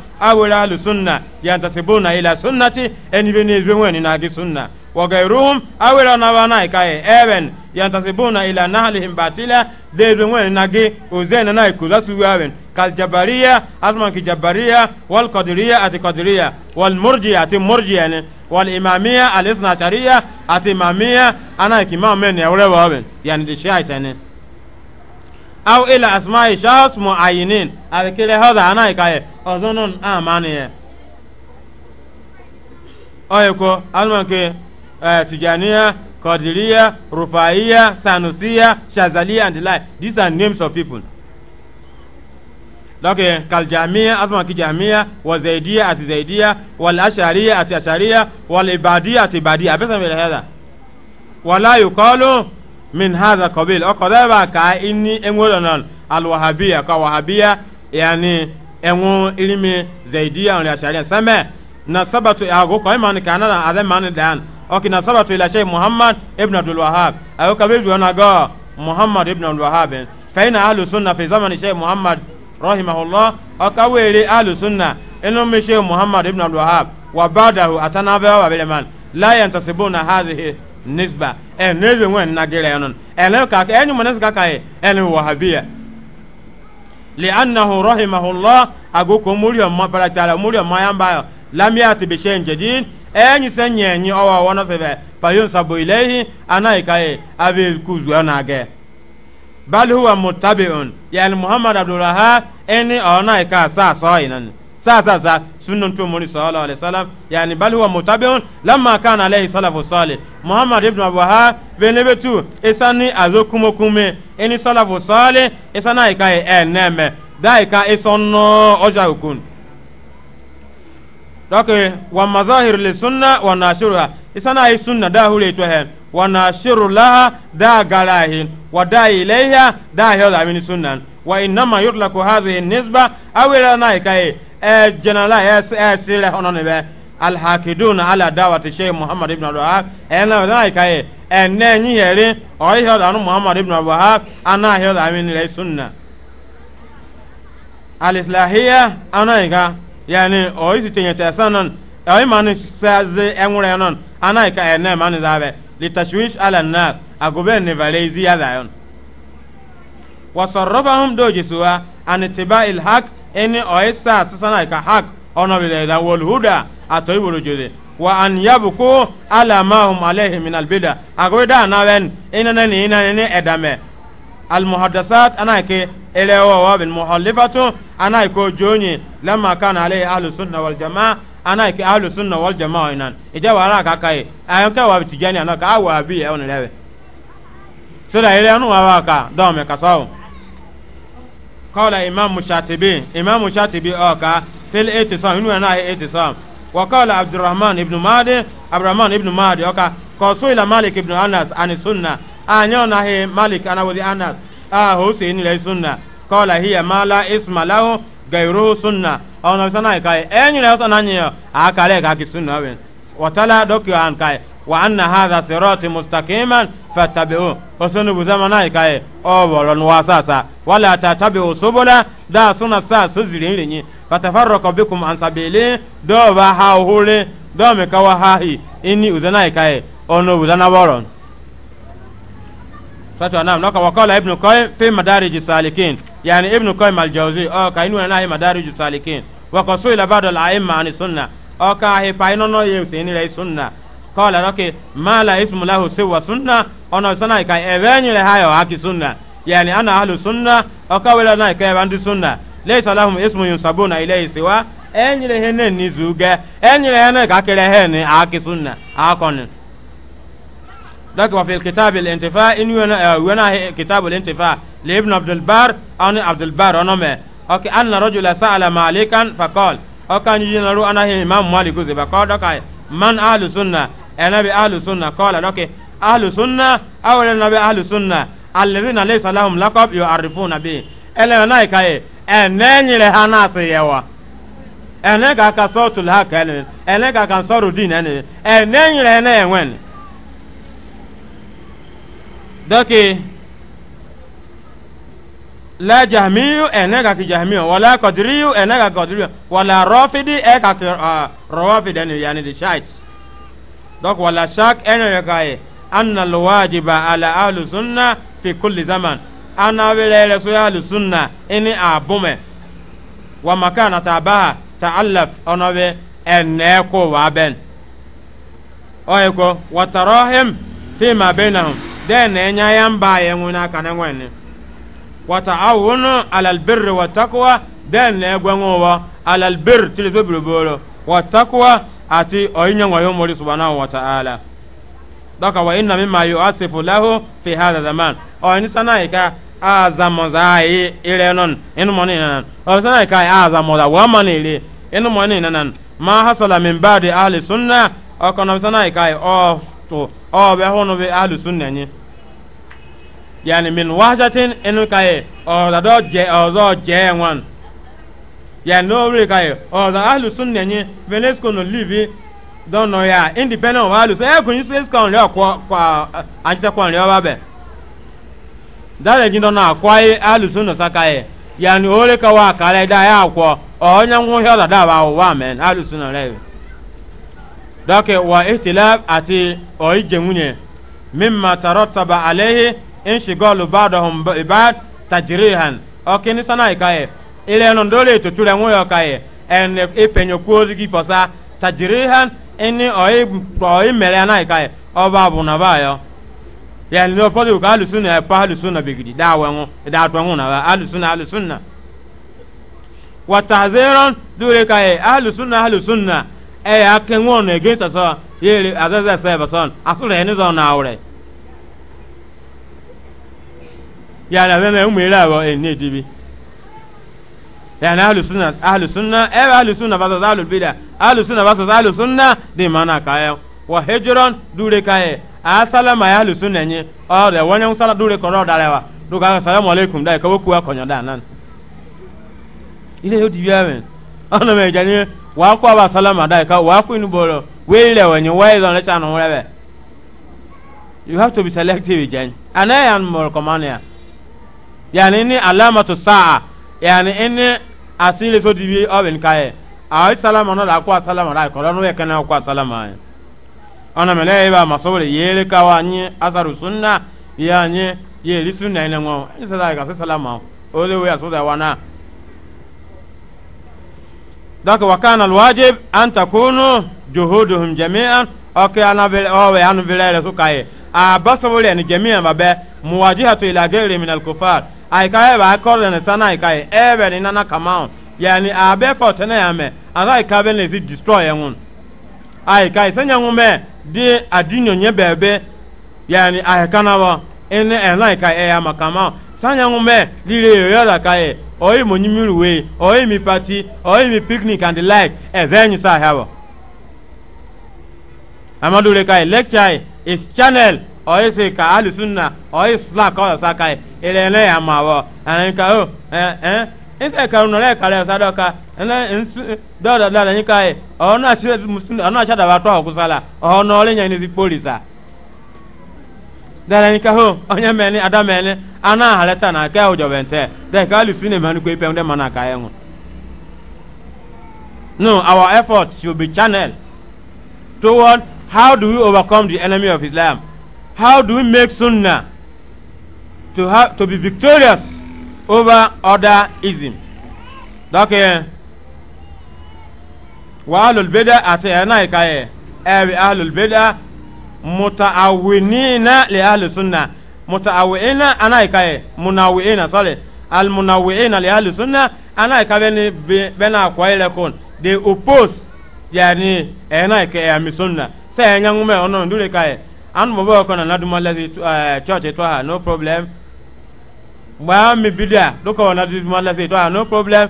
sunna وغيرهم أو رنوانا كاي إبن ينتسبون إلى نهلهم باطلا ديزون نجي وزين ناي كوزاسو إبن كالجبرية أسمان كجبرية والقدرية أتي قدرية والمرجية أتي مرجية والإمامية الإثنى عشرية أتي إمامية أنا كمام من يولي إبن يعني دي شيء أو إلى أسماء شخص معينين أبي كلا هذا أنا كاي أظنون آمانية أيكو ألمان كي uh, Tijaniya, Qadiriya, Rufaiya, Sanusiya, Shazaliya, and the like. These are names of people. Okay, Kaljamia, Asma Kijamiya, Wazaidiya, Ati Zaidiya, Wal Ashariya, Ati Ashariya, Wal Ibadiya, Ati Ibadiya. Abesa mbele hadha. Wala yukalu min hadha qabil. Okodaba ka inni engwolonon al-Wahabiya. Ka Wahabiya, yani enwu ilimi Zaidiya, and Ashariya. Same na sabatu ya agoko, imani kanada, adhe mani dan okina sabatu ila shay muhammad ibn abdul wahhab ayo kabeju wana ga muhammad ibn abdul wahhab fa ina ahlus sunna fi zamani shay muhammad rahimahullah akawere ahlus sunna inu mi shay muhammad ibn abdul wahhab wa ba'dahu atanabawa wa bileman la yantasibuna hadhihi nisba en nebe wen nagere yanon ele ka ka enyu manes ka kai ele wahabia li'annahu rahimahullah ago ko muri amma baratala muri amma yamba lam yati bi shay'in jadid enyi se nyenyi owa wono sebe fayun sabu ilehi anaikaye abe kuzwa nage bal huwa muttabi'un yani muhammad abdullah eni ona ka sa so inan sa sa sa sunnun tu muri sallallahu alaihi wasallam yani bal huwa muttabi'un lamma kana alaihi salafu salih Muhammadu ibn abdullah benebe tu isani azokumo kume eni salafu salih isana ikaye eneme dai ka oja e, e, ukun dɔke euh, wa mazahir li sunna wa nashiruha isana yi sunna da hure to hen wa nashiru laha da galahin wa da ilaiha da hiyo da mini sunnan wa innama yutlaku hadhihi nisba awira na kai e jenala es esire hono ne be al hakidun ala dawati shay muhammad ibn abdullah e na na kai e ne nyi yere o hiyo da muhammad ibn abdullah ana hiyo da mini sunna al islahiyya ana ga yani o isi tenye ta sanan ay man saze enwure non anai ka ene man zabe litashwish ala nas agobe ne valezi ya zayon wa sarrafahum doji suwa an tibail haq eni o isa sanai ka haq ono bi da wal huda atoy buru jode wa an yabku ala ma hum alayhi min al bida agobe da nawen ina ne ina ne edame المحدثات أنا كي إلى واب المحلفة أنا كو جوني لما كان عليه أهل السنة والجماعة أنا كي أهل السنة والجماعة إنان إجا وراء كاكاي أيام كا واب تجاني أنا كا أو أبي أو نلاوي سلا إلى أنو وابا دوم كساو قال إمام مشاتبي إمام مشاتبي أوكا في الإتصام إنو أنا إتصام وقال عبد الرحمن ابن مادي عبد الرحمن ابن مادي أوكا قصوا إلى مالك ابن أنس عن السنة anyo ah, na he malik ana wodi anas a ah, ho se ni lai sunna qala hiya ma isma lahu gairu sunna aw na sana kai enyi eh, na sana nyi a ah, kale ka ki sunna wen watala dokyo an kai wa anna hadha sirati mustaqiman fattabi'u osunu buzamana kai o bolon wasasa wala tatabi'u subula da suna sa suziri rinyi fatafarraqa bikum an sabili do ba ha hule do me kawa hahi inni uzana kai ono uzana boron fatwa nam noka wakala ibnu qayyim fi madarij salikin yani ibnu qayyim al-jawzi o ka inu na madarij salikin wa qasila ba'd al-a'imma an sunna o ka he paino no ye sini le sunna qala roke ma la ismu lahu siwa sunna ono sana ka ebenyi le hayo haki sunna yani ana ahlu sunna o ka wala na ka bandu sunna laysa lahum ismu yunsabuna ilayhi siwa enyi le hene nizuga enyi le hene ka kele hene haki sunna akon لك وفي الكتاب الانتفاع إن ونا ونا كتاب الانتفاع لابن عبد البار أن عبد البار أنما أوكي أن رجل سأل مالكا فقال أو كان يجنرو أنا إمام مالك زي فقال من أهل السنة أنا بأهل السنة قال دك أهل السنة أو أنا بأهل السنة الذين ليس لهم لقب يعرفون به ألا نايك أي أنني لهنا سيوا أنا كاكا صوت الحق أنا كاكا صوت الدين أنا أنني لهنا وين Doki la jahmiyu ene ka ki jahmiyu wala kadiriyu ene ka kadiriyu wala rɔfidi e ka ki uh, rɔfidi ɛni yani di shait Dok wala shak ene yɛ ka e, anna ala ahlu sunna fi kulli zaman ana wele so ya ahlu sunna ini abume wa makana na ta'allaf ona we ene ko wa ben oye ko watarahim fi ma bainahum den enya eh, ya mba ya nwuna aka na nwene wata awunu alal birri wa takwa den na eh, egwe nwa alal birri tili zo biribolo wa takwa ati oyinya nwa yomori subhanahu wa ta'ala doka wa inna mimma yu'asifu lahu fi hadha zaman o ni sana ka azamo zai ile non inu moni nan o sana ka azamo da wa mani ile inu moni nan ma hasala min ba'di ahli sunna o kono sana ka o to o be hono be ahlu sunna ni yani min wajatin enu kaye o da do je o do je wan yani no re kaye o da ahlu sunna ni veles no live don no ya independent of ahlu so e kun se ko nri akwa kwa anjita kwa nri oba be dare gindo na akwa ahlu sunna sakaye yani ore ka wa kare da ya akwa o nya nwu hyo da da ba wa men ahlu sunna rewe dɔke wa ihtilaf ati oyi jengunye mimma tarottaba alayhi inshigalu ba'dahum ba'd tajrihan okini sana na ile non dole to tule ngoyo ya en ipenyo kuozi gi fosa tajrihan ini oyi oyi mele na ikaye oba bu na bayo ya ni no ka alu sunna pa na ɛyɛ ake ŋɔ na ege sɔsɔ yeli azɛzɛ sɛ bɔsɔn asɔrɔ yɛ nizɔn na awurɛ yàrá bɛ mɛ ɛmu yɛlɛ awɔ ɛni edibi yàrá alusunna alusunna ɛbɛ alusunna ba sɔsɔ alubida alusunna ba sɔsɔ alusunna de ma na kaayɛ wa hejron dure kaayɛ asalama ya alusunna nye ɔrɛ wɔnyɛ ŋusala dure kɔrɔ dalɛ wa duka salamu aleykum da yi kabo kuwa kɔnyɔ da nan ilé yóò di wíwá mi ɔnà mɛ ìjà ni. wa ko ba salama dai ka wa ku ni bolo we le wanyi wa izo ne cha no rebe you have to be selective again ana ya mo komania yani ni alamatu saa yani in asili so dibi oben kae ay salama no la ko salama dai ko no we kana ko salama ay ana mele ba masore yele ka wa ni asaru sunna yani ye lisunna ina ngo ni sada ka salama o le we asoda wana donc wa kana alwajib an takunu juhuduhum jami'an oke anabele owe anubelele sukaye a basabule ni jami'an babe muwajihatu ila ghairi min alkufar ay kaye ba korle ne sana ay kaye ebe ni nana kamaun yani abe ko tene yame ara ka be ne zi destroy enun ay kaye sanya ngume di adinyo nye bebe yani ay e kanawa ene ena ay kaye e ya makamaun sanya ngume lile yoyoda kaye oi we mi party mi picnic and the like ezenyu sa hawa amadu le kae lecture is channel se ka ahlu sunna oi slack o sa ile ya mawo an ka o oh, eh eh nse ka uno le sa ene dara ni kaho onya meni ada meni ana haleta na ka ojo bente de ka lu sine manu ko pe mana ka yengu no our effort should be channeled toward how do we overcome the enemy of islam how do we make sunnah to have to be victorious over other ism donc wa ahlul bid'a ate na ka e ahlul bid'a muta'awwinina li ahli sunna muta'awwinina ana ikaye munawwinina sorry al munawwinina li ahli sunna ana ikabe ni bena kwaile kon they oppose yani ena ike ya misunna sai enya ngume ono ndure kaye an mo bo kono na duma lazi uh, eh, church to ha no problem ba mi bidia doko na duma lazi to ha no problem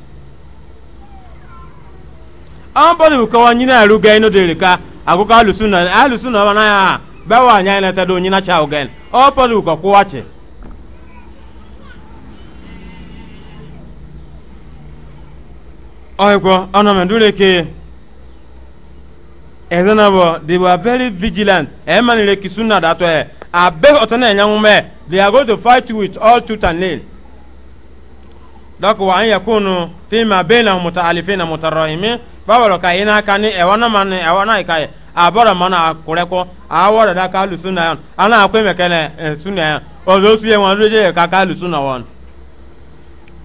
an bɔli bi kɔwa nyina alu gɛn no deli ka a ko k'alu sunna alu sunna ba na ya bɛɛ wa nyɛ na tɛ do nyina caawu gɛn ɔ bɔli bi kɔ kowa cɛ. ɔyikɔ ɔnɔmɛ dule ke ɛzɛnabɔ they were very vigilant ɛmɛni e le kisuna datɔ yɛ a bɛɛ ɔtɔnɛ ɛnyɛnwumɛ they are going to fight with all tooth and nail. dɔk wa an yakunu fima bɛyina mutaalifina mutarɔhimi. bawolo ka ina kani ewana mani ewana ikai abora mana kureko awora da kalu sunna yon ana akwe mekene sunna yon ozo suye wan reje ka kalu sunna won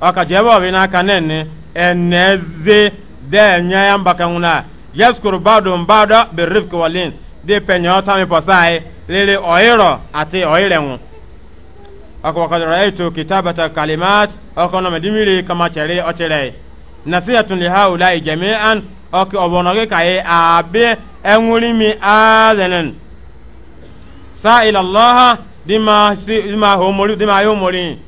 aka jebo bi na kanenne eneze de nyaya mbaka nguna yaskuru bado mbada bi walin de penyo posai lele oiro ati oirenwu raitu kitabata kalimat na nasiyatun li haulai jami'an oke obonoge kaye abe enwuri mi azenen sa ila dima si dima homori dima yomori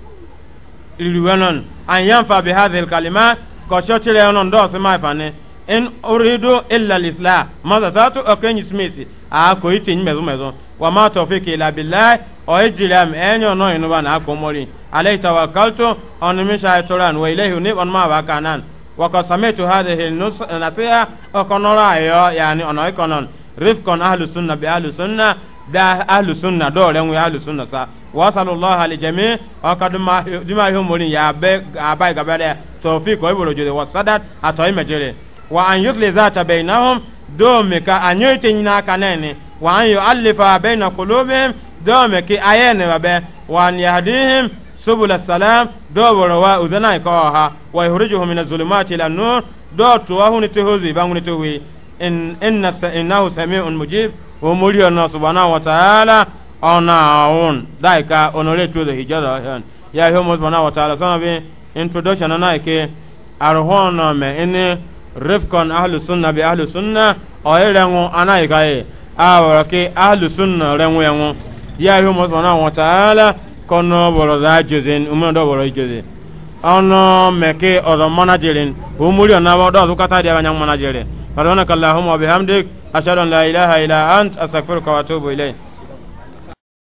iriwenon an yanfa bi hadhihi alkalima ko shotire onon do se mai fane in uridu illa alislah maza tatu oke nyismisi a ko ite nyimezo mezo wa ma tawfiqi ila billah o ejiram enyo no inuba na akomori alayhi tawakkaltu on mi shaytoran wa ilayhi unib on ma wa kanan وقد سمعت هذه النصيحة أكنرا يا يعني أنا أكنن رفقا أهل السنة بأهل السنة ده أهل السنة دول يموي أهل السنة سا وصلى الله لجميع وقد ما هم مولين يا أبي أبي قبل توفيق ويبرو جدي وصدت أتوي مجري وأن يطلي ذات بينهم دومك أن يتنينا كنين وأن يؤلف بين قلوبهم دومك أين وبه وأن يهديهم سبل السلام دو وروا اذنا يكوها ويخرجهم من الظلمات الى النور دو توهو نتهوزي بانو نتوي ان ان انه سميع مجيب ومولي الله سبحانه وتعالى ona on daika onore to the hijada hen ya he mo subhanahu wa ta'ala sana bi introduction na ke arhona me ene rifkon ahlu sunna bi ahlu sunna o erenwo anaika e awara ke ahlu sunna renwo yanwo ya he mo subhanahu wa ta'ala kono boro za jozin umuna do boro jozin ono meke odo manajirin umuri ona bo do zukata dia banyang manajirin subhanakallahumma wa bihamdik ashhadu an la ilaha ila ant astaghfiruka wa atubu ilayk